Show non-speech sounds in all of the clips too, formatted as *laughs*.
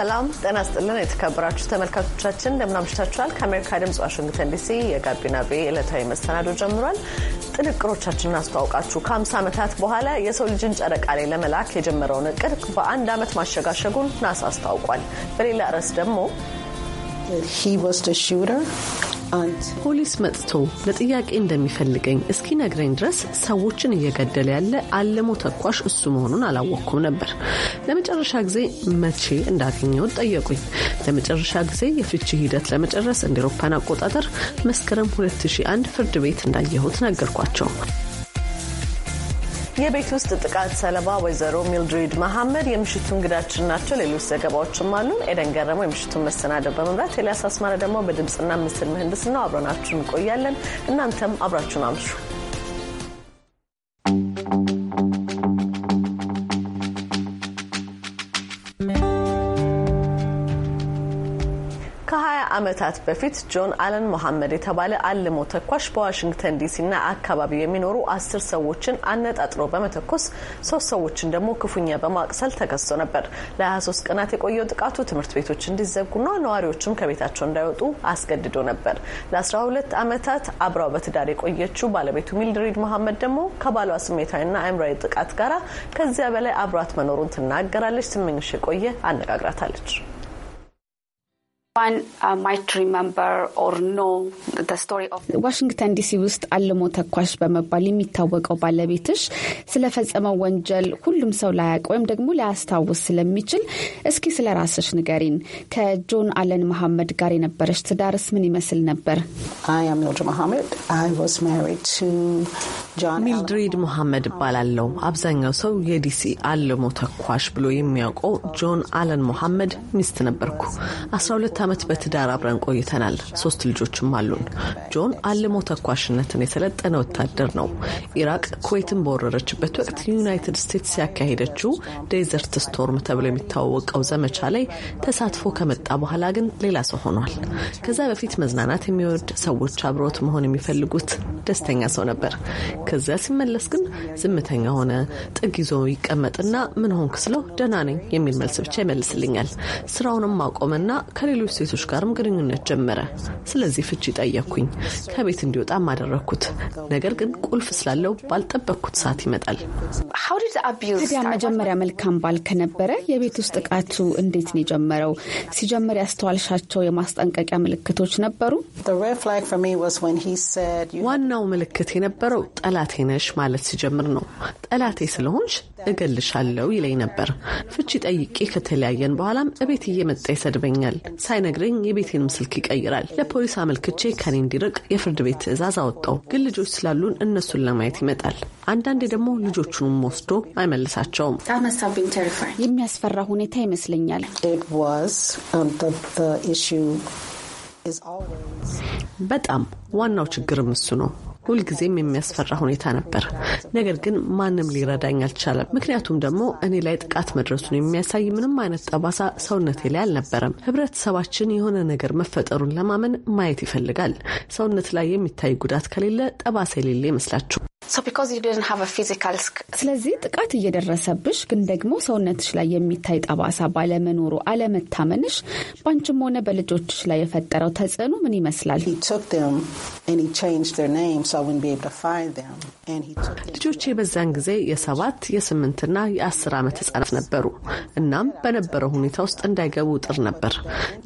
ሰላም ጤና ስጥልን። የተከበራችሁ ተመልካቾቻችን እንደምናምሽታችኋል። ከአሜሪካ ድምጽ ዋሽንግተን ዲሲ የጋቢና ቤ ዕለታዊ መሰናዶ ጀምሯል። ጥንቅሮቻችንን አስተዋውቃችሁ ከ50 ዓመታት በኋላ የሰው ልጅን ጨረቃ ላይ ለመላክ የጀመረውን እቅድ በአንድ ዓመት ማሸጋሸጉን ናሳ አስታውቋል። በሌላ ርዕስ ደግሞ አንድ ፖሊስ መጥቶ ለጥያቄ እንደሚፈልገኝ እስኪ ነግረኝ ድረስ ሰዎችን እየገደለ ያለ አለሞ ተኳሽ እሱ መሆኑን አላወቅኩም ነበር። ለመጨረሻ ጊዜ መቼ እንዳገኘሁት ጠየቁኝ። ለመጨረሻ ጊዜ የፍቺ ሂደት ለመጨረስ እንደ አውሮፓውያን አቆጣጠር መስከረም 2001 ፍርድ ቤት እንዳየሁት ነገርኳቸው። የቤት ውስጥ ጥቃት ሰለባ ወይዘሮ ሚልድሪድ መሐመድ የምሽቱ እንግዳችን ናቸው። ሌሎች ዘገባዎችም አሉን። ኤደን ገረመው የምሽቱን መሰናደው በመምራት ቴሊያስ አስማረ ደግሞ በድምፅና ምስል ምህንድስና አብረናችሁ እንቆያለን። እናንተም አብራችሁን አምሹ። ከዓመታት በፊት ጆን አለን መሐመድ የተባለ አልሞ ተኳሽ በዋሽንግተን ዲሲና አካባቢ የሚኖሩ አስር ሰዎችን አነጣጥሮ በመተኮስ ሶስት ሰዎችን ደግሞ ክፉኛ በማቅሰል ተከሶ ነበር። ለ23 ቀናት የቆየው ጥቃቱ ትምህርት ቤቶች እንዲዘጉና ነዋሪዎችም ከቤታቸው እንዳይወጡ አስገድዶ ነበር። ለ12 ዓመታት አብራው በትዳር የቆየችው ባለቤቱ ሚልድሪድ መሐመድ ደግሞ ከባሏ ስሜታዊና አእምራዊ ጥቃት ጋር ከዚያ በላይ አብሯት መኖሩን ትናገራለች። ስምኝሽ የቆየ አነጋግራታለች። Uh, ዋሽንግተን ዲሲ ውስጥ አልሞ ተኳሽ በመባል የሚታወቀው ባለቤትሽ ስለፈጸመው ወንጀል ሁሉም ሰው ላያውቅ ወይም ደግሞ ላያስታውስ ስለሚችል እስኪ ስለ ራስሽ ንገሪን። ከጆን አለን መሐመድ ጋር የነበረች ትዳርስ ምን ይመስል ነበር? ሚልድሪድ መሐመድ እባላለሁ። አብዛኛው ሰው የዲሲ አልሞ ተኳሽ ብሎ የሚያውቀው ጆን አለን መሐመድ ሚስት ነበርኩ። 12 ሁለት ዓመት በትዳር አብረን ቆይተናል። ሶስት ልጆችም አሉን። ጆን አልሞ ተኳሽነትን የሰለጠነ ወታደር ነው። ኢራቅ ኩዌትን በወረረችበት ወቅት ዩናይትድ ስቴትስ ያካሄደችው ዴዘርት ስቶርም ተብሎ የሚታወቀው ዘመቻ ላይ ተሳትፎ ከመጣ በኋላ ግን ሌላ ሰው ሆኗል። ከዛ በፊት መዝናናት የሚወድ ሰዎች አብሮት መሆን የሚፈልጉት ደስተኛ ሰው ነበር። ከዚያ ሲመለስ ግን ዝምተኛ ሆነ። ጥግ ይዞ ይቀመጥና ምን ሆንክ ስለው ደህና ነኝ የሚል መልስ ብቻ ይመልስልኛል። ስራውንም አቆመና ከሌሎች ከሌሎች ሴቶች ጋርም ግንኙነት ጀመረ። ስለዚህ ፍቺ ጠየቅኩኝ። ከቤት እንዲወጣም አደረግኩት። ነገር ግን ቁልፍ ስላለው ባልጠበቅኩት ሰዓት ይመጣል። ታዲያ መጀመሪያ መልካም ባል ከነበረ የቤት ውስጥ ጥቃቱ እንዴት ነው የጀመረው? ሲጀምር ያስተዋልሻቸው የማስጠንቀቂያ ምልክቶች ነበሩ? ዋናው ምልክት የነበረው ጠላቴ ነሽ ማለት ሲጀምር ነው። ጠላቴ ስለሆንሽ እገልሻለሁ ይለኝ ነበር። ፍቺ ጠይቄ ከተለያየን በኋላም እቤት እየመጣ ይሰድበኛል። ሳይ ሳይነግረኝ የቤቴንም ስልክ ይቀይራል። ለፖሊስ አመልክቼ ከኔ እንዲርቅ የፍርድ ቤት ትዕዛዝ አወጣው። ግን ልጆች ስላሉን እነሱን ለማየት ይመጣል። አንዳንዴ ደግሞ ልጆቹንም ወስዶ አይመልሳቸውም። የሚያስፈራ ሁኔታ ይመስለኛል። um, በጣም ዋናው ችግርም እሱ ነው። ሁልጊዜም የሚያስፈራ ሁኔታ ነበር። ነገር ግን ማንም ሊረዳኝ አልቻለም። ምክንያቱም ደግሞ እኔ ላይ ጥቃት መድረሱን የሚያሳይ ምንም አይነት ጠባሳ ሰውነቴ ላይ አልነበረም። ህብረተሰባችን የሆነ ነገር መፈጠሩን ለማመን ማየት ይፈልጋል። ሰውነት ላይ የሚታይ ጉዳት ከሌለ ጠባሳ የሌለ ይመስላችሁ? ስለዚህ ጥቃት እየደረሰብሽ ግን ደግሞ ሰውነትሽ ላይ የሚታይ ጠባሳ ባለመኖሩ አለመታመንሽ በአንችም ሆነ በልጆችሽ ላይ የፈጠረው ተጽዕኖ ምን ይመስላል? ልጆች የበዛን ጊዜ የሰባት የስምንትና የአስር ዓመት ህጻናት ነበሩ። እናም በነበረው ሁኔታ ውስጥ እንዳይገቡ ጥር ነበር።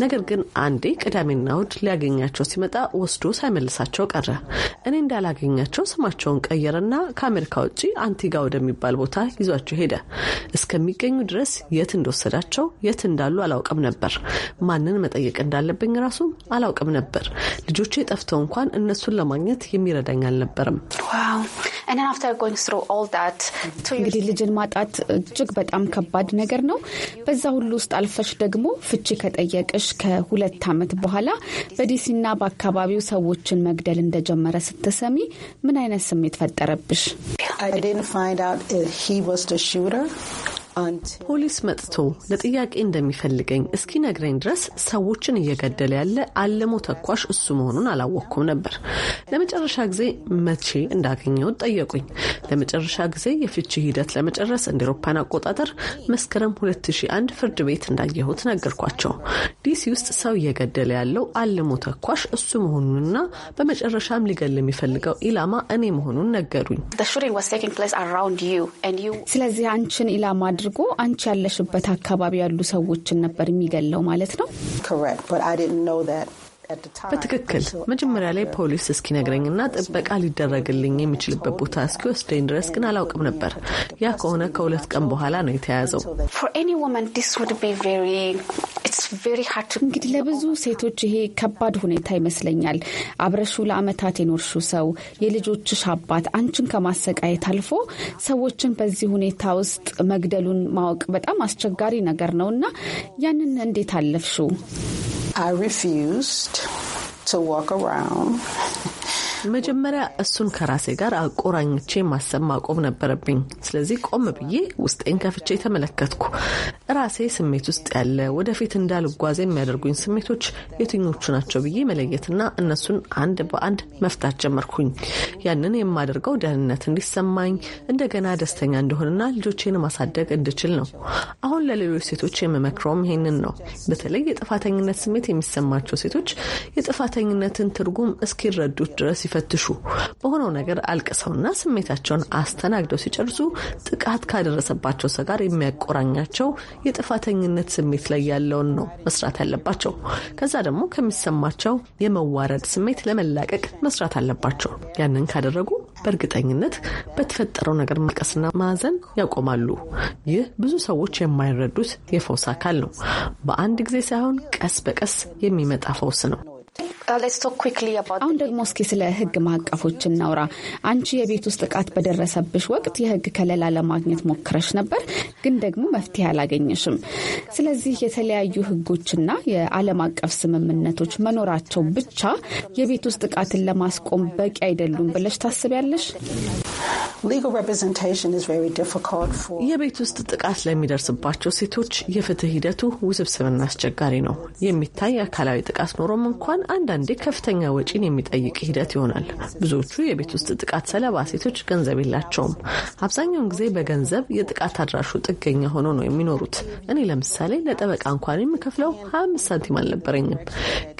ነገር ግን አንዴ ቅዳሜና እሁድ ሊያገኛቸው ሲመጣ ወስዶ ሳይመልሳቸው ቀረ። እኔ እንዳላገኛቸው ስማቸውን ቀየረ ጀመረና ከአሜሪካ ውጭ አንቲጋ ወደሚባል ቦታ ይዟቸው ሄደ። እስከሚገኙ ድረስ የት እንደወሰዳቸው፣ የት እንዳሉ አላውቅም ነበር። ማንን መጠየቅ እንዳለብኝ ራሱም አላውቅም ነበር። ልጆቼ ጠፍተው እንኳን እነሱን ለማግኘት የሚረዳኝ አልነበርም። እንግዲህ ልጅን ማጣት እጅግ በጣም ከባድ ነገር ነው። በዛ ሁሉ ውስጥ አልፈሽ ደግሞ ፍቺ ከጠየቅሽ ከሁለት ዓመት በኋላ በዲሲና በአካባቢው ሰዎችን መግደል እንደጀመረ ስትሰሚ ምን አይነት ስሜት I didn't find out if he was the shooter. ፖሊስ መጥቶ ለጥያቄ እንደሚፈልገኝ እስኪ ነግረኝ ድረስ ሰዎችን እየገደለ ያለ አለሞ ተኳሽ እሱ መሆኑን አላወቅኩም ነበር። ለመጨረሻ ጊዜ መቼ እንዳገኘሁት ጠየቁኝ። ለመጨረሻ ጊዜ የፍቺ ሂደት ለመጨረስ እንደ ኤሮፓን አቆጣጠር መስከረም 2001 ፍርድ ቤት እንዳየሁት ነገርኳቸው። ዲሲ ውስጥ ሰው እየገደለ ያለው አለሞ ተኳሽ እሱ መሆኑንና በመጨረሻም ሊገል የሚፈልገው ኢላማ እኔ መሆኑን ነገሩኝ። ስለዚህ አንቺን ኢላማ አድርጎ አንቺ ያለሽበት አካባቢ ያሉ ሰዎችን ነበር የሚገለው ማለት ነው? በትክክል መጀመሪያ ላይ ፖሊስ እስኪነግረኝና ጥበቃ ሊደረግልኝ የሚችልበት ቦታ እስኪወስደኝ ድረስ ግን አላውቅም ነበር። ያ ከሆነ ከሁለት ቀን በኋላ ነው የተያዘው። እንግዲህ ለብዙ ሴቶች ይሄ ከባድ ሁኔታ ይመስለኛል። አብረሹ ለአመታት የኖርሹ ሰው፣ የልጆችሽ አባት አንቺን ከማሰቃየት አልፎ ሰዎችን በዚህ ሁኔታ ውስጥ መግደሉን ማወቅ በጣም አስቸጋሪ ነገር ነው እና ያንን እንዴት አለፍሹ? I refused to walk around. *laughs* መጀመሪያ እሱን ከራሴ ጋር አቆራኝቼ ማሰብ ማቆም ነበረብኝ። ስለዚህ ቆም ብዬ ውስጤን ከፍቼ ተመለከትኩ። ራሴ ስሜት ውስጥ ያለ ወደፊት እንዳልጓዝ የሚያደርጉኝ ስሜቶች የትኞቹ ናቸው ብዬ መለየትና እነሱን አንድ በአንድ መፍታት ጀመርኩኝ። ያንን የማደርገው ደህንነት እንዲሰማኝ እንደገና ደስተኛ እንደሆንና ልጆቼን ማሳደግ እንድችል ነው። አሁን ለሌሎች ሴቶች የምመክረውም ይሄንን ነው። በተለይ የጥፋተኝነት ስሜት የሚሰማቸው ሴቶች የጥፋተኝነትን ትርጉም እስኪረዱት ድረስ ሲፈትሹ በሆነው ነገር አልቅሰውና ስሜታቸውን አስተናግደው ሲጨርሱ ጥቃት ካደረሰባቸው ሰው ጋር የሚያቆራኛቸው የጥፋተኝነት ስሜት ላይ ያለውን ነው መስራት ያለባቸው። ከዛ ደግሞ ከሚሰማቸው የመዋረድ ስሜት ለመላቀቅ መስራት አለባቸው። ያንን ካደረጉ በእርግጠኝነት በተፈጠረው ነገር ማልቀስና ማዘን ያቆማሉ። ይህ ብዙ ሰዎች የማይረዱት የፈውስ አካል ነው። በአንድ ጊዜ ሳይሆን ቀስ በቀስ የሚመጣ ፈውስ ነው። አሁን ደግሞ እስኪ ስለ ህግ ማዕቀፎች እናውራ። አንቺ የቤት ውስጥ ጥቃት በደረሰብሽ ወቅት የህግ ከለላ ለማግኘት ሞክረሽ ነበር፣ ግን ደግሞ መፍትሄ አላገኘሽም። ስለዚህ የተለያዩ ህጎችና የዓለም አቀፍ ስምምነቶች መኖራቸው ብቻ የቤት ውስጥ ጥቃትን ለማስቆም በቂ አይደሉም ብለሽ ታስቢያለሽ? የቤት ውስጥ ጥቃት ለሚደርስባቸው ሴቶች የፍትህ ሂደቱ ውስብስብና አስቸጋሪ ነው። የሚታይ አካላዊ ጥቃት ኖሮም እንኳን አንዳንዴ ከፍተኛ ወጪን የሚጠይቅ ሂደት ይሆናል። ብዙዎቹ የቤት ውስጥ ጥቃት ሰለባ ሴቶች ገንዘብ የላቸውም። አብዛኛውን ጊዜ በገንዘብ የጥቃት አድራሹ ጥገኛ ሆኖ ነው የሚኖሩት። እኔ ለምሳሌ ለጠበቃ እንኳን የምከፍለው 25 ሳንቲም አልነበረኝም።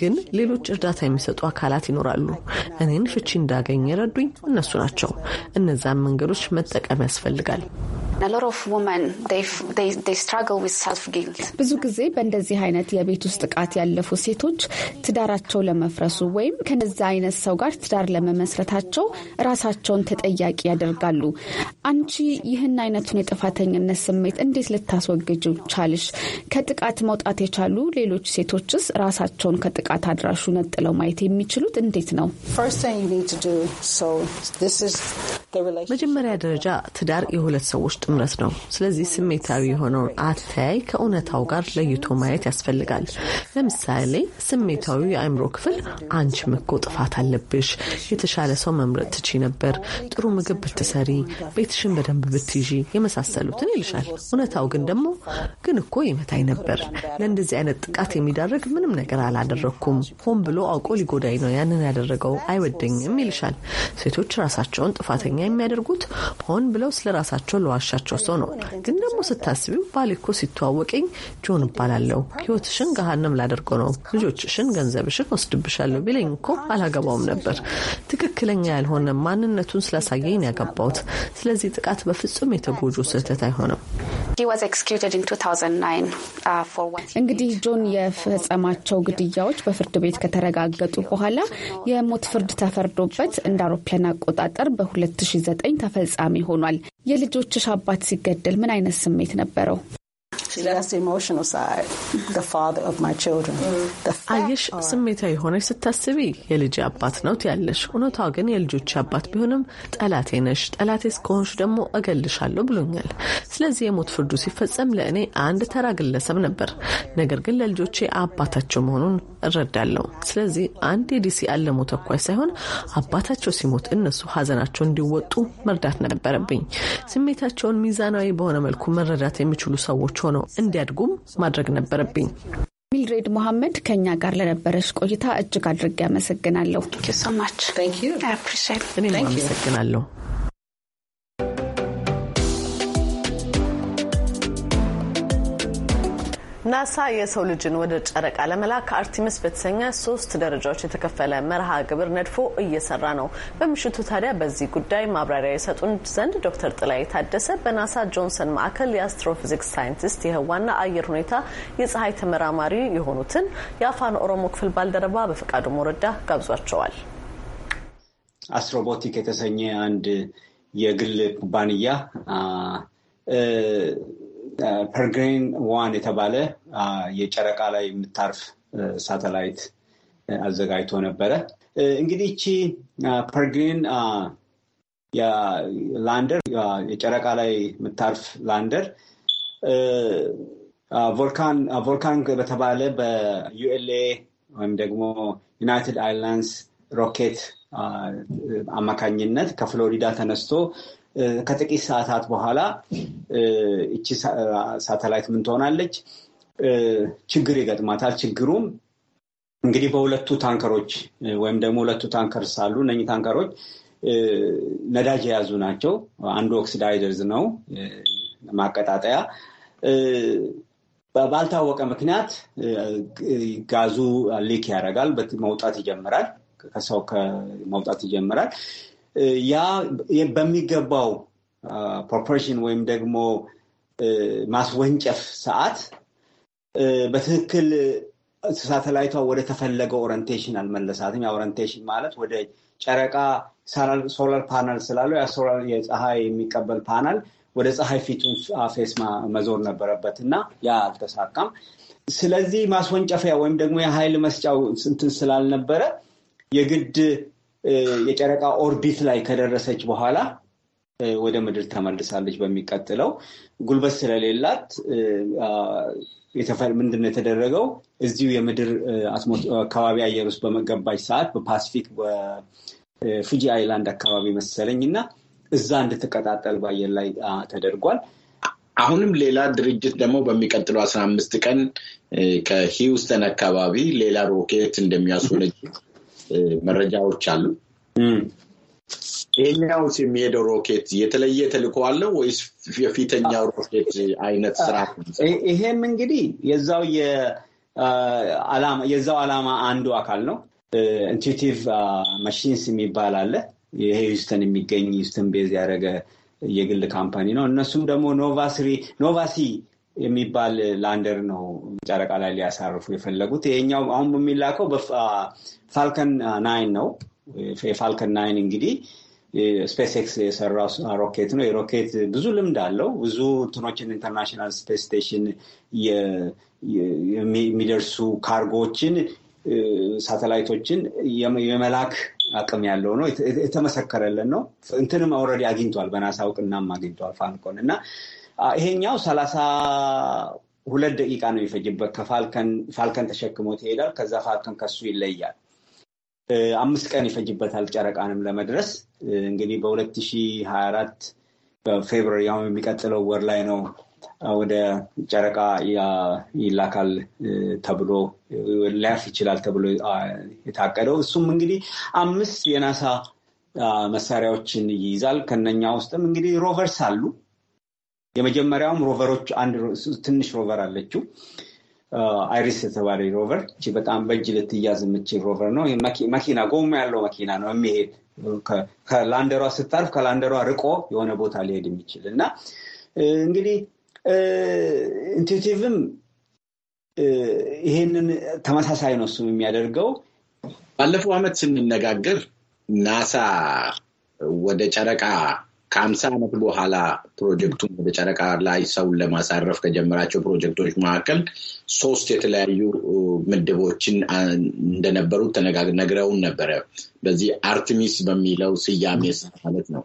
ግን ሌሎች እርዳታ የሚሰጡ አካላት ይኖራሉ። እኔን ፍቺ እንዳገኝ የረዱኝ እነሱ ናቸው። እነዛን መንገዶች መጠቀም ያስፈልጋል። ብዙ ጊዜ በእንደዚህ አይነት የቤት ውስጥ ጥቃት ያለፉ ሴቶች ትዳራቸው ትዳራቸው ለመፍረሱ ወይም ከነዛ አይነት ሰው ጋር ትዳር ለመመስረታቸው ራሳቸውን ተጠያቂ ያደርጋሉ። አንቺ ይህን አይነቱን የጥፋተኝነት ስሜት እንዴት ልታስወግጅ ቻልሽ? ከጥቃት መውጣት የቻሉ ሌሎች ሴቶችስ ራሳቸውን ከጥቃት አድራሹ ነጥለው ማየት የሚችሉት እንዴት ነው? መጀመሪያ ደረጃ ትዳር የሁለት ሰዎች ጥምረት ነው። ስለዚህ ስሜታዊ የሆነውን አተያይ ከእውነታው ጋር ለይቶ ማየት ያስፈልጋል። ለምሳሌ ስሜታዊ የአእምሮ የቢሮ ክፍል አንቺም እኮ ጥፋት አለብሽ፣ የተሻለ ሰው መምረጥ ትቺ ነበር፣ ጥሩ ምግብ ብትሰሪ፣ ቤትሽን በደንብ ብትይዢ የመሳሰሉትን ይልሻል። እውነታው ግን ደግሞ ግን እኮ ይመታኝ ነበር። ለእንደዚህ አይነት ጥቃት የሚዳርግ ምንም ነገር አላደረግኩም። ሆን ብሎ አውቆ ሊጎዳኝ ነው ያንን ያደረገው፣ አይወደኝም ይልሻል። ሴቶች ራሳቸውን ጥፋተኛ የሚያደርጉት ሆን ብለው ስለ ራሳቸው ለዋሻቸው ሰው ነው። ግን ደግሞ ስታስቢው ባሌ እኮ ሲተዋወቀኝ ጆን እባላለሁ፣ ህይወትሽን ገሃነም ላደርገው ነው፣ ልጆችሽን፣ ገንዘብሽን ወስድብሻለሁ ቢለኝ እኮ አላገባውም ነበር። ትክክለኛ ያልሆነ ማንነቱን ስላሳየኝ ያገባውት ስለዚህ ጥቃት በፍጹም የተጎጆ ስህተት አይሆንም። uh, እንግዲህ ጆን የፈጸማቸው ግድያዎች በፍርድ ቤት ከተረጋገጡ በኋላ የሞት ፍርድ ተፈርዶበት እንደ አውሮፓውያን አቆጣጠር በ2009 ተፈጻሚ ሆኗል። የልጆችሽ አባት ሲገደል ምን አይነት ስሜት ነበረው? Mm. አየሽ፣ ስሜታ የሆነች ስታስቢ የልጅ አባት ነው ትያለሽ። እውነቷ ግን የልጆች አባት ቢሆንም ጠላቴ ነሽ፣ ጠላቴ እስከሆንሽ ደግሞ እገልሻለሁ ብሎኛል። ስለዚህ የሞት ፍርዱ ሲፈጸም ለእኔ አንድ ተራ ግለሰብ ነበር፣ ነገር ግን ለልጆቼ አባታቸው መሆኑን እረዳለሁ። ስለዚህ አንድ የዲሲ አለሞ ተኳይ ሳይሆን አባታቸው ሲሞት እነሱ ሀዘናቸው እንዲወጡ መርዳት ነበረብኝ። ስሜታቸውን ሚዛናዊ በሆነ መልኩ መረዳት የሚችሉ ሰዎች ሆነው እንዲያድጉም ማድረግ ነበረብኝ። ሚልድሬድ ሞሐመድ ከእኛ ጋር ለነበረች ቆይታ እጅግ አድርጌ አመሰግናለሁ። እኔም አመሰግናለሁ። ናሳ የሰው ልጅን ወደ ጨረቃ ለመላክ አርቲሚስ በተሰኘ ሶስት ደረጃዎች የተከፈለ መርሃ ግብር ነድፎ እየሰራ ነው። በምሽቱ ታዲያ በዚህ ጉዳይ ማብራሪያ የሰጡን ዘንድ ዶክተር ጥላይ ታደሰ በናሳ ጆንሰን ማዕከል የአስትሮፊዚክስ ሳይንቲስት የህዋና አየር ሁኔታ የፀሐይ ተመራማሪ የሆኑትን የአፋን ኦሮሞ ክፍል ባልደረባ በፈቃዱ ሞረዳ ጋብዟቸዋል። አስትሮቦቲክ የተሰኘ አንድ የግል ኩባንያ ፐርግሬን ዋን የተባለ የጨረቃ ላይ የምታርፍ ሳተላይት አዘጋጅቶ ነበረ። እንግዲህ እቺ ፐርግሬን ላንደር የጨረቃ ላይ የምታርፍ ላንደር ቮልካን በተባለ በዩኤልኤ ወይም ደግሞ ዩናይትድ አይላንድስ ሮኬት አማካኝነት ከፍሎሪዳ ተነስቶ ከጥቂት ሰዓታት በኋላ እቺ ሳተላይት ምን ትሆናለች? ችግር ይገጥማታል። ችግሩም እንግዲህ በሁለቱ ታንከሮች ወይም ደግሞ ሁለቱ ታንከር ሳሉ እነኚህ ታንከሮች ነዳጅ የያዙ ናቸው። አንዱ ኦክሲዳይዘርዝ ነው ማቀጣጠያ። ባልታወቀ ምክንያት ጋዙ ሊክ ያደርጋል፣ መውጣት ይጀምራል፣ ከሰው መውጣት ይጀምራል። ያ በሚገባው ፕሮፖርሽን ወይም ደግሞ ማስወንጨፍ ሰዓት በትክክል ሳተላይቷ ወደ ተፈለገው ኦሪንቴሽን አልመለሳትም። ያ ኦሪንቴሽን ማለት ወደ ጨረቃ ሶላር ፓናል ስላለው ያ ሶላር የፀሐይ የሚቀበል ፓናል ወደ ፀሐይ ፊቱን ፌስ መዞር ነበረበት እና ያ አልተሳካም። ስለዚህ ማስወንጨፊያ ወይም ደግሞ የኃይል መስጫው ስንትን ስላልነበረ የግድ የጨረቃ ኦርቢት ላይ ከደረሰች በኋላ ወደ ምድር ተመልሳለች። በሚቀጥለው ጉልበት ስለሌላት ምንድን ነው የተደረገው? እዚሁ የምድር አካባቢ አየር ውስጥ በመገባች ሰዓት በፓስፊክ በፉጂ አይላንድ አካባቢ መሰለኝ እና እዛ እንድትቀጣጠል በአየር ላይ ተደርጓል። አሁንም ሌላ ድርጅት ደግሞ በሚቀጥለው አስራ አምስት ቀን ከሂውስተን አካባቢ ሌላ ሮኬት እንደሚያስወነጭ መረጃዎች አሉ። ይሄኛውስ የሚሄደው ሮኬት የተለየ ተልዕኮ አለው ወይስ የፊተኛው ሮኬት አይነት ስራ? ይሄም እንግዲህ የዛው የዛው ዓላማ አንዱ አካል ነው። ኢንቱቲቭ ማሽንስ የሚባል አለ። ይሄ ዩስተን የሚገኝ ዩስተን ቤዝ ያደረገ የግል ካምፓኒ ነው። እነሱም ደግሞ ኖቫሲ የሚባል ላንደር ነው ጨረቃ ላይ ሊያሳርፉ የፈለጉት። ይሄኛው አሁን በሚላከው ፋልከን ናይን ነው። የፋልከን ናይን እንግዲህ ስፔስ ኤክስ የሰራው ሮኬት ነው። የሮኬት ብዙ ልምድ አለው። ብዙ እንትኖችን ኢንተርናሽናል ስፔስ ስቴሽን የሚደርሱ ካርጎዎችን፣ ሳተላይቶችን የመላክ አቅም ያለው ነው። የተመሰከረለን ነው። እንትንም አውረድ አግኝቷል። በናሳ እውቅናም አግኝቷል ፋልኮን እና ይሄኛው ሰላሳ ሁለት ደቂቃ ነው የፈጅበት። ከፋልከን ፋልከን ተሸክሞት ይሄዳል። ከዛ ፋልከን ከሱ ይለያል። አምስት ቀን ይፈጅበታል ጨረቃንም ለመድረስ እንግዲህ በ2024 በፌብሪ አሁን የሚቀጥለው ወር ላይ ነው ወደ ጨረቃ ይላካል ተብሎ ሊያርፍ ይችላል ተብሎ የታቀደው። እሱም እንግዲህ አምስት የናሳ መሳሪያዎችን ይይዛል። ከነኛ ውስጥም እንግዲህ ሮቨርስ አሉ የመጀመሪያውም ሮቨሮች አንድ ትንሽ ሮቨር አለችው አይሪስ የተባለ ሮቨር እ በጣም በእጅ ልትያዝ የምችል ሮቨር ነው። መኪና ጎማ ያለው መኪና ነው የሚሄድ ከላንደሯ ስታርፍ ከላንደሯ ርቆ የሆነ ቦታ ሊሄድ የሚችል እና እንግዲህ ኢንቱቲቭም ይሄንን ተመሳሳይ ነው እሱም የሚያደርገው። ባለፈው ዓመት ስንነጋገር ናሳ ወደ ጨረቃ ከአምሳ ዓመት በኋላ ፕሮጀክቱን ወደ ጨረቃ ላይ ሰውን ለማሳረፍ ከጀመራቸው ፕሮጀክቶች መካከል ሶስት የተለያዩ ምድቦችን እንደነበሩ ነግረውን ነበረ። በዚህ አርትሚስ በሚለው ስያሜ ማለት ነው።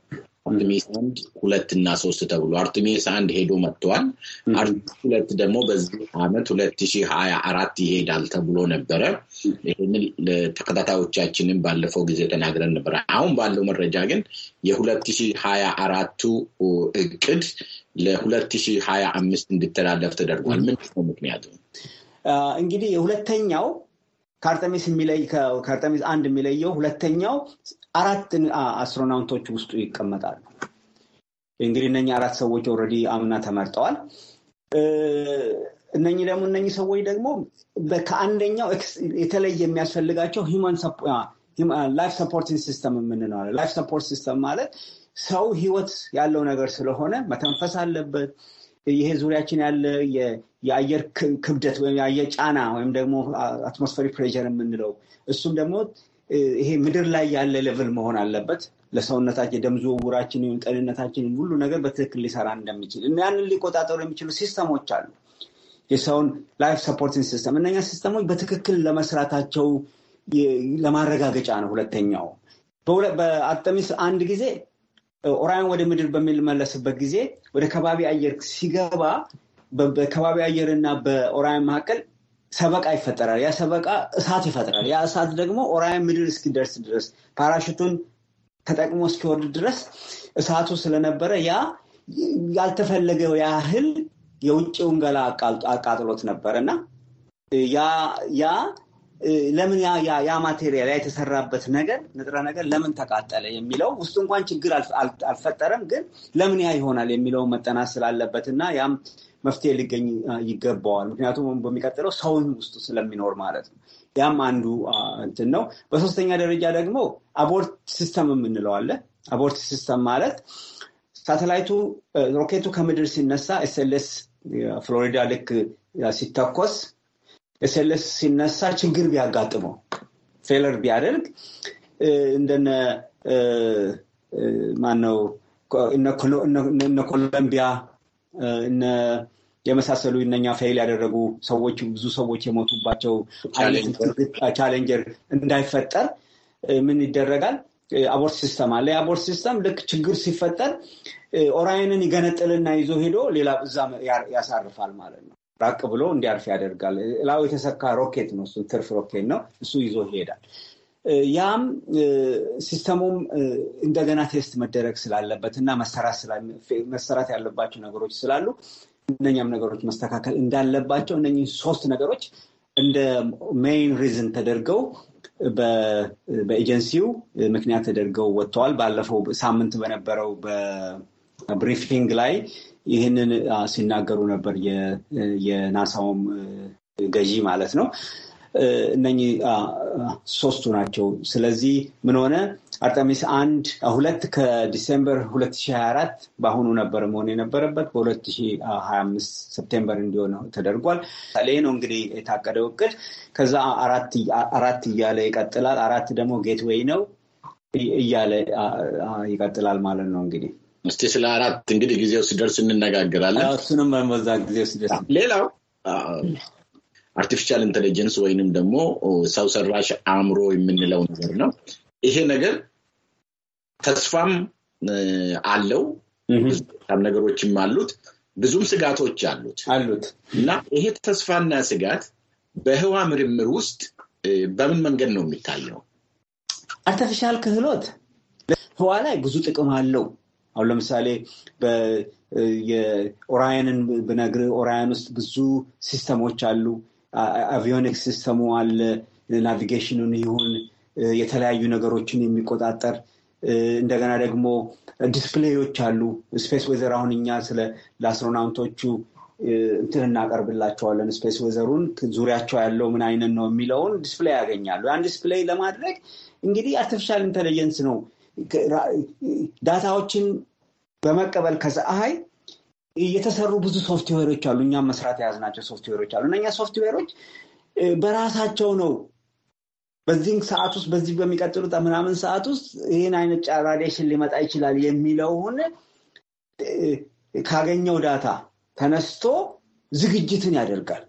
አርቲሚስ አንድ ሁለት እና ሶስት ተብሎ አርቲሚስ አንድ ሄዶ መጥተዋል። አርቲሚስ ሁለት ደግሞ በዚህ ዓመት ሁለት ሺህ ሀያ አራት ይሄዳል ተብሎ ነበረ። ይህንን ተከታታዮቻችንን ባለፈው ጊዜ ተናግረን ነበረ። አሁን ባለው መረጃ ግን የሁለት ሺህ ሀያ አራቱ እቅድ ለሁለት ሺህ ሀያ አምስት እንዲተላለፍ ተደርጓል። ምንድን ነው ምክንያቱ? እንግዲህ የሁለተኛው ከአርጠሚስ የሚለይ ከአርጠሚስ አንድ የሚለየው ሁለተኛው አራት አስትሮናውቶች ውስጡ ይቀመጣሉ። እንግዲህ እነኚህ አራት ሰዎች ኦልሬዲ አምና ተመርጠዋል። እነኚህ ደግሞ እነኚህ ሰዎች ደግሞ ከአንደኛው የተለየ የሚያስፈልጋቸው ላይፍ ሰፖርቲንግ ሲስተም የምንለው ላይፍ ሰፖርት ሲስተም ማለት ሰው ህይወት ያለው ነገር ስለሆነ መተንፈስ አለበት። ይሄ ዙሪያችን ያለ የአየር ክብደት ወይም የአየር ጫና ወይም ደግሞ አትሞስፌሪክ ፕሬዥር የምንለው እሱም ደግሞ ይሄ ምድር ላይ ያለ ሌቭል መሆን አለበት። ለሰውነታችን ዝውውራችን ዝውውራችንን፣ ጤንነታችንን፣ ሁሉ ነገር በትክክል ሊሰራ እንደሚችል ያንን ሊቆጣጠሩ የሚችሉ ሲስተሞች አሉ። የሰውን ላይፍ ሰፖርቲንግ ሲስተም እነኛ ሲስተሞች በትክክል ለመስራታቸው ለማረጋገጫ ነው። ሁለተኛው በአርጤሚስ አንድ ጊዜ ኦራያን ወደ ምድር በሚመለስበት ጊዜ ወደ ከባቢ አየር ሲገባ በከባቢ አየርና በኦራያን መካከል ሰበቃ ይፈጠራል። ያ ሰበቃ እሳት ይፈጥራል። ያ እሳት ደግሞ ኦራያን ምድር እስኪደርስ ድረስ ፓራሽቱን ተጠቅሞ እስኪወርድ ድረስ እሳቱ ስለነበረ ያ ያልተፈለገው ያህል የውጭውን ገላ አቃጥሎት ነበረ እና ያ ለምን ያ ማቴሪያል ያ የተሰራበት ነገር ንጥረ ነገር ለምን ተቃጠለ የሚለው ውስጡ እንኳን ችግር አልፈጠረም፣ ግን ለምን ያ ይሆናል የሚለው መጠናት ስላለበት እና ያም መፍትሄ ሊገኝ ይገባዋል። ምክንያቱም በሚቀጥለው ሰውን ውስጡ ስለሚኖር ማለት ነው። ያም አንዱ እንትን ነው። በሶስተኛ ደረጃ ደግሞ አቦርት ሲስተም የምንለው አለ። አቦርት ሲስተም ማለት ሳተላይቱ ሮኬቱ ከምድር ሲነሳ ኤስኤልኤስ ፍሎሪዳ ልክ ሲተኮስ ኤስኤልኤስ ሲነሳ ችግር ቢያጋጥመው ፌለር ቢያደርግ እንደነ ማነው እነ ኮሎምቢያ የመሳሰሉ እነኛ ፌል ያደረጉ ሰዎች ብዙ ሰዎች የሞቱባቸው ቻሌንጀር እንዳይፈጠር ምን ይደረጋል? አቦርት ሲስተም አለ። የአቦርት ሲስተም ልክ ችግር ሲፈጠር ኦራይንን ይገነጥልና ይዞ ሄዶ ሌላ እዛ ያሳርፋል ማለት ነው። ራቅ ብሎ እንዲያርፍ ያደርጋል። ላው የተሰካ ሮኬት ነው፣ ትርፍ ሮኬት ነው እሱ ይዞ ይሄዳል። ያም ሲስተሙም እንደገና ቴስት መደረግ ስላለበት እና መሰራት ያለባቸው ነገሮች ስላሉ እነኛም ነገሮች መስተካከል እንዳለባቸው እነኚህ ሶስት ነገሮች እንደ ሜይን ሪዝን ተደርገው በኤጀንሲው ምክንያት ተደርገው ወጥተዋል። ባለፈው ሳምንት በነበረው በብሪፊንግ ላይ ይህንን ሲናገሩ ነበር የናሳውም ገዢ ማለት ነው። እነኚህ ሶስቱ ናቸው። ስለዚህ ምን ሆነ አርጠሚስ አንድ ሁለት ከዲሴምበር 2024 በአሁኑ ነበር መሆን የነበረበት በ2025 ሰፕቴምበር እንዲሆነ ተደርጓል። ሌ ነው እንግዲህ የታቀደው እቅድ። ከዛ አራት እያለ ይቀጥላል። አራት ደግሞ ጌትዌይ ነው እያለ ይቀጥላል ማለት ነው እንግዲህ እስቲ ስለ አራት እንግዲህ ጊዜው ሲደርስ እንነጋገራለን። እሱንም በዛ ጊዜው ሲደርስ ሌላው አርቲፊሻል ኢንቴሊጀንስ ወይንም ደግሞ ሰው ሰራሽ አእምሮ የምንለው ነገር ነው። ይሄ ነገር ተስፋም አለው ነገሮችም አሉት፣ ብዙም ስጋቶች አሉት አሉት እና ይሄ ተስፋና ስጋት በህዋ ምርምር ውስጥ በምን መንገድ ነው የሚታየው? አርቲፊሻል ክህሎት ህዋ ላይ ብዙ ጥቅም አለው። አሁን ለምሳሌ የኦራየንን ብነግር ኦራየን ውስጥ ብዙ ሲስተሞች አሉ። አቪዮኒክስ ሲስተሙ አለ። ናቪጌሽኑን ይሁን የተለያዩ ነገሮችን የሚቆጣጠር እንደገና ደግሞ ዲስፕሌዮች አሉ። ስፔስ ዌዘር አሁን እኛ ስለ ለአስትሮናውቶቹ እንትን እናቀርብላቸዋለን። ስፔስ ዌዘሩን ዙሪያቸው ያለው ምን አይነት ነው የሚለውን ዲስፕሌይ ያገኛሉ። ያን ዲስፕሌይ ለማድረግ እንግዲህ አርቲፊሻል ኢንተለጀንስ ነው ዳታዎችን በመቀበል ከፀሐይ የተሰሩ ብዙ ሶፍትዌሮች አሉ። እኛም መስራት የያዝናቸው ሶፍትዌሮች አሉ። እነኛ ሶፍትዌሮች በራሳቸው ነው በዚህ ሰዓት ውስጥ በዚህ በሚቀጥሉት ምናምን ሰዓት ውስጥ ይህን አይነት ራዲሽን ሊመጣ ይችላል የሚለውን ካገኘው ዳታ ተነስቶ ዝግጅትን ያደርጋል።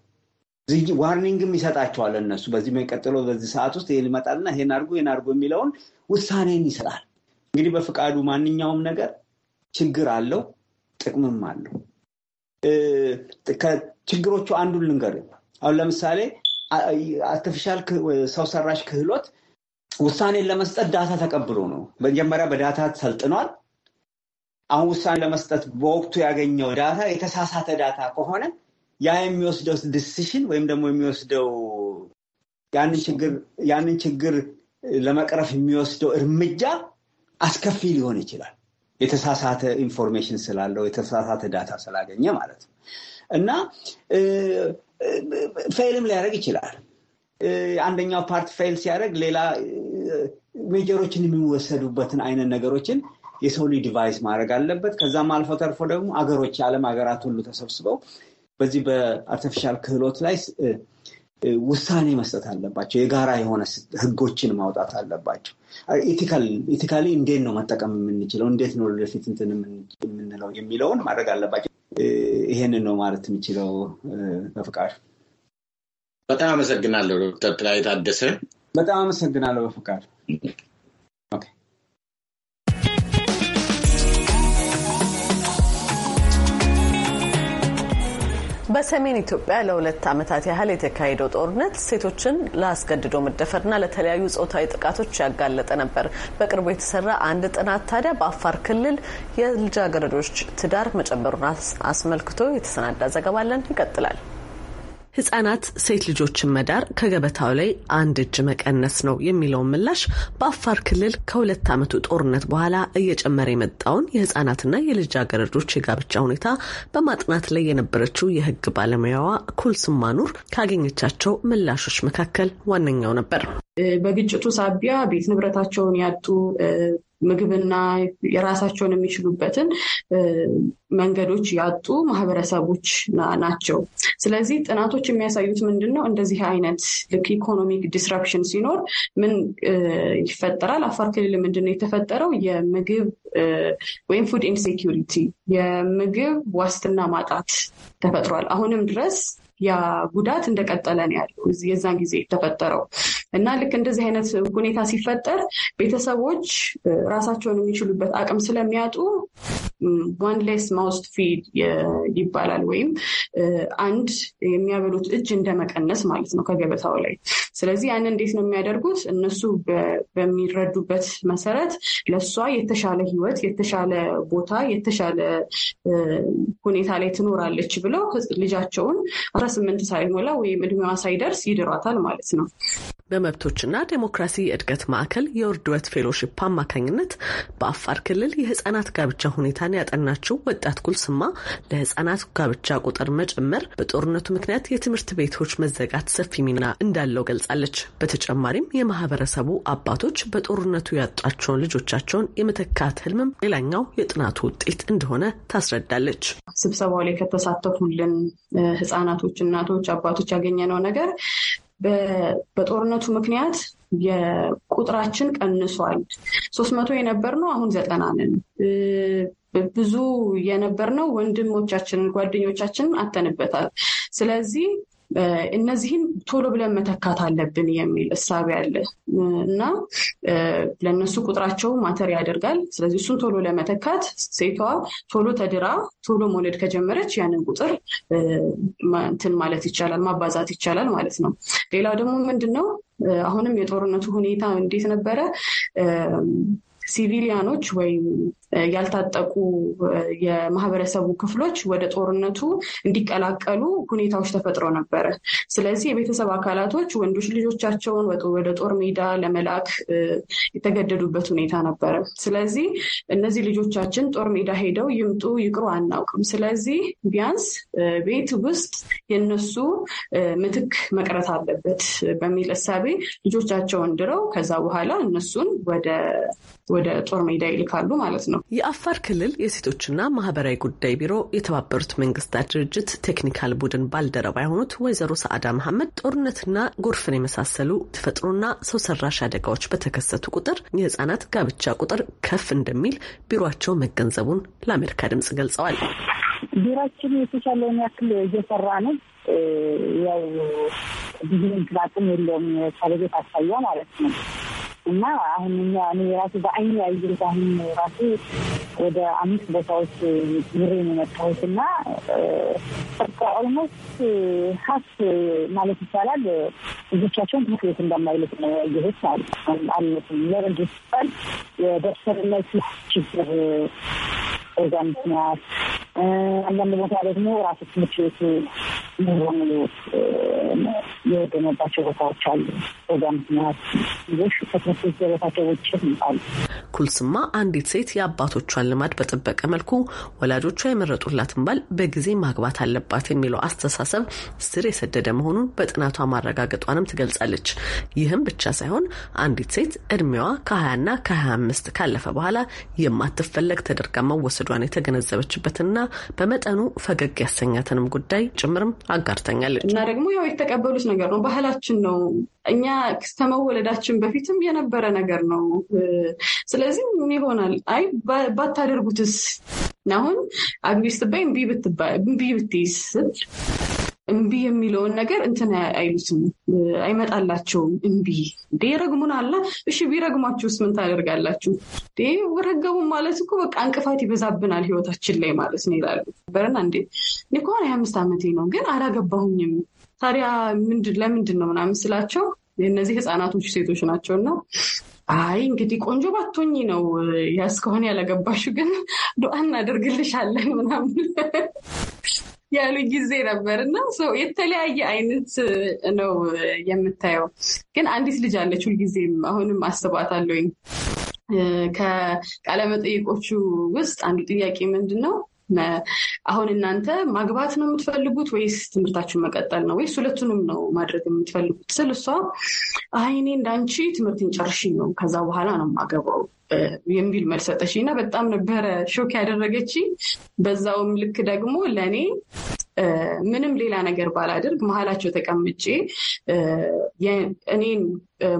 ዋርኒንግም ይሰጣቸዋል። እነሱ በዚህ በሚቀጥለው በዚህ ሰዓት ውስጥ ይህን ይመጣልና ይህን አድርጉ ይህን አድርጉ የሚለውን ውሳኔን ይሰጣል። እንግዲህ በፍቃዱ ማንኛውም ነገር ችግር አለው ጥቅምም አለው። ከችግሮቹ አንዱን ልንገር። አሁን ለምሳሌ አርቲፊሻል ሰው ሰራሽ ክህሎት ውሳኔን ለመስጠት ዳታ ተቀብሎ ነው። መጀመሪያ በዳታ ሰልጥኗል። አሁን ውሳኔ ለመስጠት በወቅቱ ያገኘው ዳታ የተሳሳተ ዳታ ከሆነ ያ የሚወስደው ዲሲሽን ወይም ደግሞ የሚወስደው ያንን ችግር ለመቅረፍ የሚወስደው እርምጃ አስከፊ ሊሆን ይችላል። የተሳሳተ ኢንፎርሜሽን ስላለው የተሳሳተ ዳታ ስላገኘ ማለት ነው። እና ፌልም ሊያደርግ ይችላል። አንደኛው ፓርት ፌል ሲያደርግ ሌላ ሜጀሮችን የሚወሰዱበትን አይነት ነገሮችን የሰው ልጅ ዲቫይስ ማድረግ አለበት። ከዛም አልፎ ተርፎ ደግሞ አገሮች የዓለም ሀገራት ሁሉ ተሰብስበው በዚህ በአርቲፊሻል ክህሎት ላይ ውሳኔ መስጠት አለባቸው። የጋራ የሆነ ህጎችን ማውጣት አለባቸው። ኢቲካሊ እንዴት ነው መጠቀም የምንችለው፣ እንዴት ነው ወደፊት እንትን የምንለው የሚለውን ማድረግ አለባቸው። ይሄንን ነው ማለት የምችለው። በፍቃድ በጣም አመሰግናለሁ ዶክተር ጥላይ ታደሰ። በጣም አመሰግናለሁ በፍቃድ በሰሜን ኢትዮጵያ ለሁለት ዓመታት ያህል የተካሄደው ጦርነት ሴቶችን ለአስገድዶ መደፈርና ለተለያዩ ጾታዊ ጥቃቶች ያጋለጠ ነበር። በቅርቡ የተሰራ አንድ ጥናት ታዲያ በአፋር ክልል የልጃገረዶች ትዳር መጨመሩን አስመልክቶ የተሰናዳ ዘገባለን ይቀጥላል። ህጻናት ሴት ልጆችን መዳር ከገበታው ላይ አንድ እጅ መቀነስ ነው የሚለውን ምላሽ በአፋር ክልል ከሁለት ዓመቱ ጦርነት በኋላ እየጨመረ የመጣውን የህጻናትና የልጃገረዶች የጋብቻ ሁኔታ በማጥናት ላይ የነበረችው የህግ ባለሙያዋ ኩልስማ ኑር ካገኘቻቸው ምላሾች መካከል ዋነኛው ነበር። በግጭቱ ሳቢያ ቤት ንብረታቸውን ያጡ ምግብና የራሳቸውን የሚችሉበትን መንገዶች ያጡ ማህበረሰቦች ናቸው። ስለዚህ ጥናቶች የሚያሳዩት ምንድን ነው? እንደዚህ አይነት ልክ ኢኮኖሚክ ዲስራፕሽን ሲኖር ምን ይፈጠራል? አፋር ክልል ምንድን ነው የተፈጠረው? የምግብ ወይም ፉድ ኢንሴኪሪቲ የምግብ ዋስትና ማጣት ተፈጥሯል። አሁንም ድረስ ያ ጉዳት እንደቀጠለ ነው ያለው የዛን ጊዜ የተፈጠረው እና ልክ እንደዚህ አይነት ሁኔታ ሲፈጠር ቤተሰቦች ራሳቸውን የሚችሉበት አቅም ስለሚያጡ ዋን ሌስ ማውስት ፊድ ይባላል ወይም አንድ የሚያበሉት እጅ እንደመቀነስ ማለት ነው ከገበታው ላይ። ስለዚህ ያንን እንዴት ነው የሚያደርጉት? እነሱ በሚረዱበት መሰረት ለእሷ የተሻለ ህይወት የተሻለ ቦታ፣ የተሻለ ሁኔታ ላይ ትኖራለች ብለው ልጃቸውን አስራ ስምንት ሳይሞላ ወይም እድሜዋ ሳይደርስ ይድሯታል ማለት ነው። በመብቶችና ዴሞክራሲ እድገት ማዕከል የውርድወት ፌሎሺፕ አማካኝነት በአፋር ክልል የህጻናት ጋብቻ ሁኔታን ያጠናችው ወጣት ኩልስማ ለህጻናት ጋብቻ ቁጥር መጨመር በጦርነቱ ምክንያት የትምህርት ቤቶች መዘጋት ሰፊ ሚና እንዳለው ገልጻለች። በተጨማሪም የማህበረሰቡ አባቶች በጦርነቱ ያጧቸውን ልጆቻቸውን የመተካት ህልምም ሌላኛው የጥናቱ ውጤት እንደሆነ ታስረዳለች። ስብሰባው ላይ ከተሳተፉልን ህጻናቶች፣ እናቶች፣ አባቶች ያገኘነው ነገር በጦርነቱ ምክንያት የቁጥራችን ቀንሷል። ሶስት መቶ የነበር ነው አሁን ዘጠና ነን። ብዙ የነበር ነው ወንድሞቻችንን ጓደኞቻችንን አተንበታል። ስለዚህ እነዚህን ቶሎ ብለን መተካት አለብን የሚል እሳቤ አለ እና ለእነሱ ቁጥራቸው ማተር ያደርጋል። ስለዚህ እሱን ቶሎ ለመተካት ሴቷ ቶሎ ተድራ ቶሎ መውለድ ከጀመረች ያንን ቁጥር እንትን ማለት ይቻላል፣ ማባዛት ይቻላል ማለት ነው። ሌላው ደግሞ ምንድን ነው አሁንም የጦርነቱ ሁኔታ እንዴት ነበረ? ሲቪሊያኖች ወይም ያልታጠቁ የማህበረሰቡ ክፍሎች ወደ ጦርነቱ እንዲቀላቀሉ ሁኔታዎች ተፈጥሮ ነበረ። ስለዚህ የቤተሰብ አካላቶች ወንዶች ልጆቻቸውን ወደ ጦር ሜዳ ለመላክ የተገደዱበት ሁኔታ ነበረ። ስለዚህ እነዚህ ልጆቻችን ጦር ሜዳ ሄደው ይምጡ ይቅሩ አናውቅም። ስለዚህ ቢያንስ ቤት ውስጥ የነሱ ምትክ መቅረት አለበት በሚል እሳቤ ልጆቻቸውን ድረው ከዛ በኋላ እነሱን ወደ ወደ ጦር ሜዳ ይልካሉ ማለት ነው። የአፋር ክልል የሴቶችና ማህበራዊ ጉዳይ ቢሮ የተባበሩት መንግስታት ድርጅት ቴክኒካል ቡድን ባልደረባ የሆኑት ወይዘሮ ሰዓዳ መሐመድ ጦርነትና ጎርፍን የመሳሰሉ ተፈጥሮና ሰው ሰራሽ አደጋዎች በተከሰቱ ቁጥር የህጻናት ጋብቻ ቁጥር ከፍ እንደሚል ቢሮቸው መገንዘቡን ለአሜሪካ ድምጽ ገልጸዋል። ቢሮችን የተሻለውን ያክል እየሰራ ነው። ያው ብዙ ስላቅም የለውም ካለቤት አሳያ ማለት ነው እና አሁን እኔ ራሱ በአይን ያየሁት አሁን ራሱ ወደ አምስት ቦታዎች ምሬ ነው የመጣሁት እና በቃ ኦልሞስት ሀስ ማለት ይቻላል ልጆቻቸውን ትምህርት ቤት እንደማይለት ነው ያየሁት ማለት አለትም ለረጅ ሲባል የደብሰርነት ችግር በዛ ምክንያት አንዳንድ ቦታ ደግሞ ራሱ ትምህርት ቤቱ ሙሉ በሙሉ የወደመባቸው ቦታዎች አሉ። በዛ ምክንያት ልጆች ከትምህርት ቤት ገበታቸው ውጭ ይመጣሉ። ኩልስማ አንዲት ሴት የአባቶቿን ልማድ በጠበቀ መልኩ ወላጆቿ የመረጡላትን ባል በጊዜ ማግባት አለባት የሚለው አስተሳሰብ ስር የሰደደ መሆኑን በጥናቷ ማረጋገጧንም ትገልጻለች። ይህም ብቻ ሳይሆን አንዲት ሴት እድሜዋ ከ20ና ከ25 ካለፈ በኋላ የማትፈለግ ተደርጋ መወሰዱ መውሰዷን የተገነዘበችበትና በመጠኑ ፈገግ ያሰኛትንም ጉዳይ ጭምርም አጋርተኛለች። እና ደግሞ ያው የተቀበሉት ነገር ነው፣ ባህላችን ነው። እኛ ከመወለዳችን በፊትም የነበረ ነገር ነው። ስለዚህ ምን ይሆናል? አይ ባታደርጉትስ? አሁን አግቢ ስትባይ እምቢ እምቢ የሚለውን ነገር እንትን አይሉትም፣ አይመጣላቸውም። እምቢ ረግሙን አለ። እሺ ቢረግማችሁስ ምን ታደርጋላችሁ? ረገሙን ማለት እኮ በቃ እንቅፋት ይበዛብናል ህይወታችን ላይ ማለት ነው ይላሉ ነበርና እንዴ እኔ እኮ ሀያ አምስት ዓመቴ ነው ግን አላገባሁኝም። ታዲያ ለምንድን ነው ምናምን ስላቸው እነዚህ ህፃናቶች ሴቶች ናቸው እና አይ እንግዲህ ቆንጆ ባቶኝ ነው ያስከሆነ ያለገባሹ ግን ዱአ እናደርግልሻለን ምናምን ያሉ ጊዜ ነበር እና የተለያየ አይነት ነው የምታየው። ግን አንዲት ልጅ አለች ሁልጊዜም አሁንም አስባታለሁኝ። ከቃለመጠይቆቹ ውስጥ አንዱ ጥያቄ ምንድን ነው አሁን እናንተ ማግባት ነው የምትፈልጉት ወይስ ትምህርታችሁን መቀጠል ነው ወይስ ሁለቱንም ነው ማድረግ የምትፈልጉት ስል እሷ አይኔ እንዳንቺ ትምህርትን ጨርሽ ነው ከዛ በኋላ ነው የማገባው የሚል መልስ እና በጣም ነበረ ሾክ ያደረገች። በዛውም ልክ ደግሞ ለእኔ ምንም ሌላ ነገር ባላደርግ መሀላቸው ተቀምጬ እኔን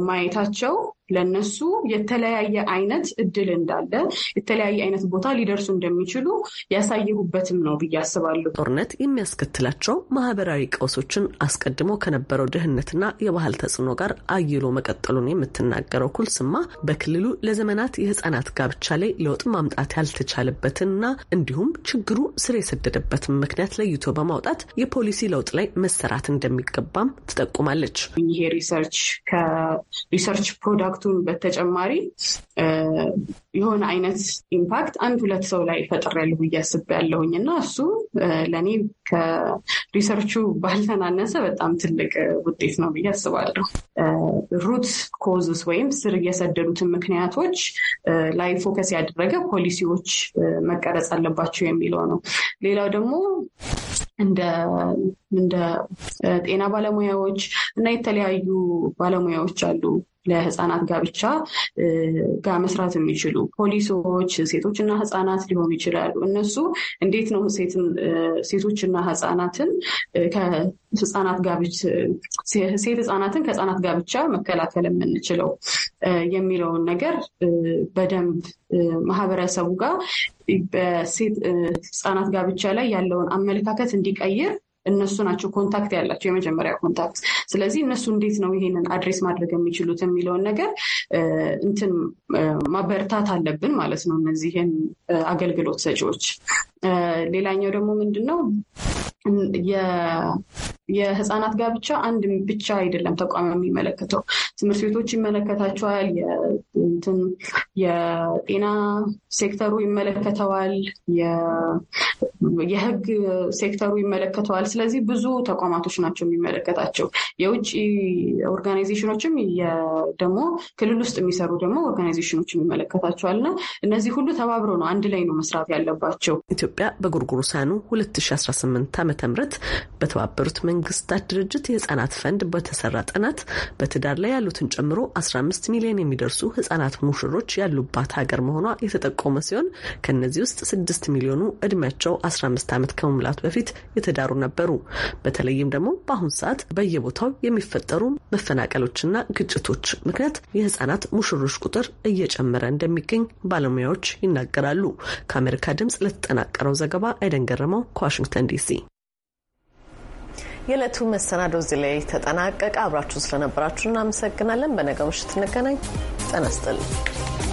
ማየታቸው ለነሱ የተለያየ አይነት እድል እንዳለ የተለያየ አይነት ቦታ ሊደርሱ እንደሚችሉ ያሳየሁበትም ነው ብዬ አስባለሁ። ጦርነት የሚያስከትላቸው ማህበራዊ ቀውሶችን አስቀድሞ ከነበረው ድህነትና የባህል ተጽዕኖ ጋር አይሎ መቀጠሉን የምትናገረው ኩልስማ በክልሉ ለዘመናት የህፃናት ጋብቻ ላይ ለውጥ ማምጣት ያልተቻለበትንና እንዲሁም ችግሩ ስር የሰደደበትን ምክንያት ለይቶ በማውጣት የፖሊሲ ለውጥ ላይ መሰራት እንደሚገባም ትጠቁማለች። ይሄ ሪሰርች ከሪሰርች ፕሮዳክት ከኢምፓክቱን በተጨማሪ የሆነ አይነት ኢምፓክት አንድ ሁለት ሰው ላይ ፈጥሬያለሁ ብዬ አስቤያለሁኝ እና እሱ ለእኔ ከሪሰርቹ ባልተናነሰ በጣም ትልቅ ውጤት ነው ብዬ አስባለሁ። ሩት ኮዝስ ወይም ስር የሰደዱትን ምክንያቶች ላይ ፎከስ ያደረገ ፖሊሲዎች መቀረጽ አለባቸው የሚለው ነው። ሌላው ደግሞ እንደ ጤና ባለሙያዎች እና የተለያዩ ባለሙያዎች አሉ ለህፃናት ጋብቻ ጋር መስራት የሚችሉ ፖሊሶች፣ ሴቶችና ህፃናት ሊሆኑ ይችላሉ። እነሱ እንዴት ነው ሴቶችና ህፃናትን ሴት ህፃናትን ከህፃናት ጋብቻ መከላከል የምንችለው የሚለውን ነገር በደንብ ማህበረሰቡ ጋር በሴት ህፃናት ጋብቻ ላይ ያለውን አመለካከት እንዲቀይር እነሱ ናቸው ኮንታክት ያላቸው የመጀመሪያ ኮንታክት። ስለዚህ እነሱ እንዴት ነው ይሄንን አድሬስ ማድረግ የሚችሉት የሚለውን ነገር እንትን ማበርታት አለብን ማለት ነው እነዚህን አገልግሎት ሰጪዎች። ሌላኛው ደግሞ ምንድን ነው የህፃናት ጋብቻ አንድ ብቻ አይደለም ተቋም የሚመለከተው። ትምህርት ቤቶች ይመለከታቸዋል፣ የጤና ሴክተሩ ይመለከተዋል፣ የህግ ሴክተሩ ይመለከተዋል። ስለዚህ ብዙ ተቋማቶች ናቸው የሚመለከታቸው። የውጭ ኦርጋናይዜሽኖችም ደግሞ ክልል ውስጥ የሚሰሩ ደግሞ ኦርጋናይዜሽኖች ይመለከታቸዋል እና እነዚህ ሁሉ ተባብረው ነው አንድ ላይ ነው መስራት ያለባቸው። ኢትዮጵያ በጎርጎሮሳውያኑ 2018 ዓ ም በተባበሩት መንግስት መንግስታት ድርጅት የህጻናት ፈንድ በተሰራ ጥናት በትዳር ላይ ያሉትን ጨምሮ 15 ሚሊዮን የሚደርሱ ህጻናት ሙሽሮች ያሉባት ሀገር መሆኗ የተጠቆመ ሲሆን ከእነዚህ ውስጥ 6 ሚሊዮኑ እድሜያቸው 15 ዓመት ከመሙላቱ በፊት የተዳሩ ነበሩ። በተለይም ደግሞ በአሁን ሰዓት በየቦታው የሚፈጠሩ መፈናቀሎችና ግጭቶች ምክንያት የህጻናት ሙሽሮች ቁጥር እየጨመረ እንደሚገኝ ባለሙያዎች ይናገራሉ። ከአሜሪካ ድምጽ ለተጠናቀረው ዘገባ አይደን ገረመው ከዋሽንግተን ዲሲ የዕለቱ መሰናዶ እዚህ ላይ ተጠናቀቀ። አብራችሁ ስለነበራችሁ እናመሰግናለን። በነገው ምሽት እንገናኝ። ጤና ይስጥልኝ።